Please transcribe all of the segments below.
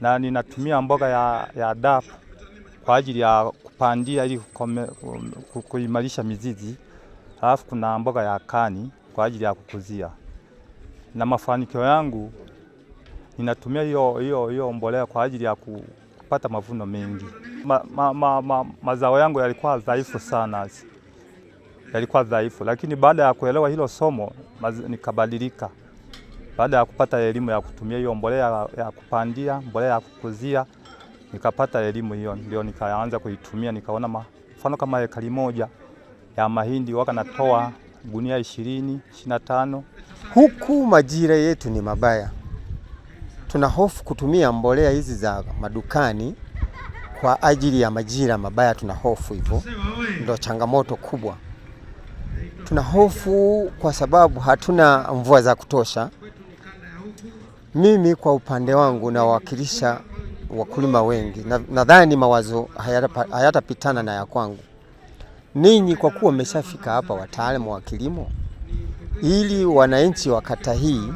na ninatumia mboga ya, ya DAP kwa ajili ya kupandia ili kuimarisha mizizi. Alafu kuna mboga ya kani kwa ajili ya kukuzia, na mafanikio yangu ninatumia hiyo hiyo hiyo mbolea kwa ajili ya kupata mavuno mengi. ma, ma, ma, ma, mazao yangu yalikuwa dhaifu sana, yalikuwa dhaifu, lakini baada ya kuelewa hilo somo nikabadilika. Baada ya kupata elimu ya kutumia hiyo mbolea ya kupandia, mbolea ya kukuzia, nikapata elimu hiyo, ndio nikaanza kuitumia. Nikaona mfano kama ekari moja ya mahindi waka natoa gunia ishirini ishirini na tano. Huku majira yetu ni mabaya, tuna hofu kutumia mbolea hizi za madukani kwa ajili ya majira mabaya, tuna hofu hivyo. Ndio changamoto kubwa, tuna hofu kwa sababu hatuna mvua za kutosha mimi kwa upande wangu nawakilisha wakulima wengi, nadhani na mawazo hayatapitana na ya kwangu. Ninyi kwa kuwa mmeshafika hapa, wataalamu wa kilimo, ili wananchi wa kata hii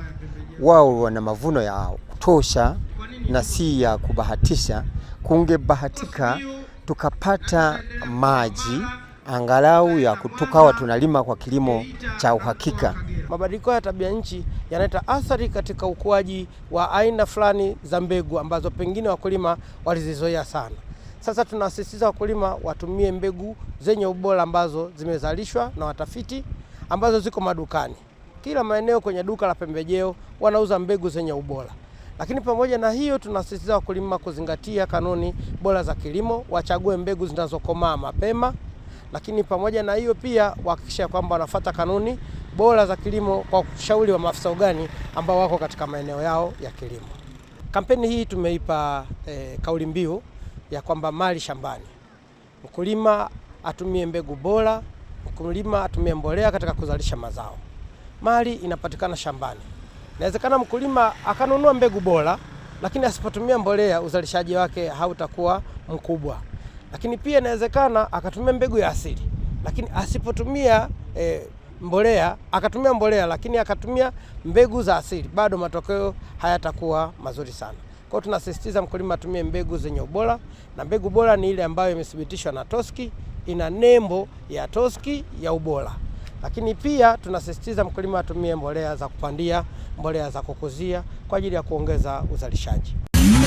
wao wana mavuno ya kutosha na si ya kubahatisha. Kungebahatika tukapata maji angalau ya tukawa tunalima kwa kilimo cha uhakika Mabadiliko ya tabia nchi yanaleta athari katika ukuaji wa aina fulani za mbegu ambazo pengine wakulima walizizoea sana. Sasa tunasisitiza wakulima watumie mbegu zenye ubora ambazo zimezalishwa na watafiti ambazo ziko madukani. Kila maeneo kwenye duka la pembejeo wanauza mbegu zenye ubora. Lakini pamoja na hiyo, tunasisitiza wakulima kuzingatia kanuni bora za kilimo, wachague mbegu zinazokomaa mapema. Lakini pamoja na hiyo pia wahakikisha kwamba wanafuata kanuni bora za kilimo kwa ushauri wa maafisa ugani ambao wako katika maeneo yao ya kilimo. Kampeni hii tumeipa e, kauli mbiu ya kwamba mali shambani, mkulima atumie mbegu bora, mkulima atumie mbolea katika kuzalisha mazao. Mali inapatikana shambani. Inawezekana mkulima akanunua mbegu bora, lakini asipotumia mbolea uzalishaji wake hautakuwa mkubwa. Lakini pia inawezekana akatumia mbegu ya asili, lakini asipotumia e, mbolea akatumia mbolea lakini akatumia mbegu za asili, bado matokeo hayatakuwa mazuri sana. Kwa hiyo tunasisitiza mkulima atumie mbegu zenye ubora, na mbegu bora ni ile ambayo imethibitishwa na Toski, ina nembo ya Toski ya ubora. Lakini pia tunasisitiza mkulima atumie mbolea za kupandia, mbolea za kukuzia kwa ajili ya kuongeza uzalishaji.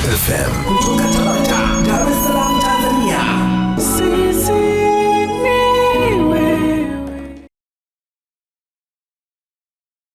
FM.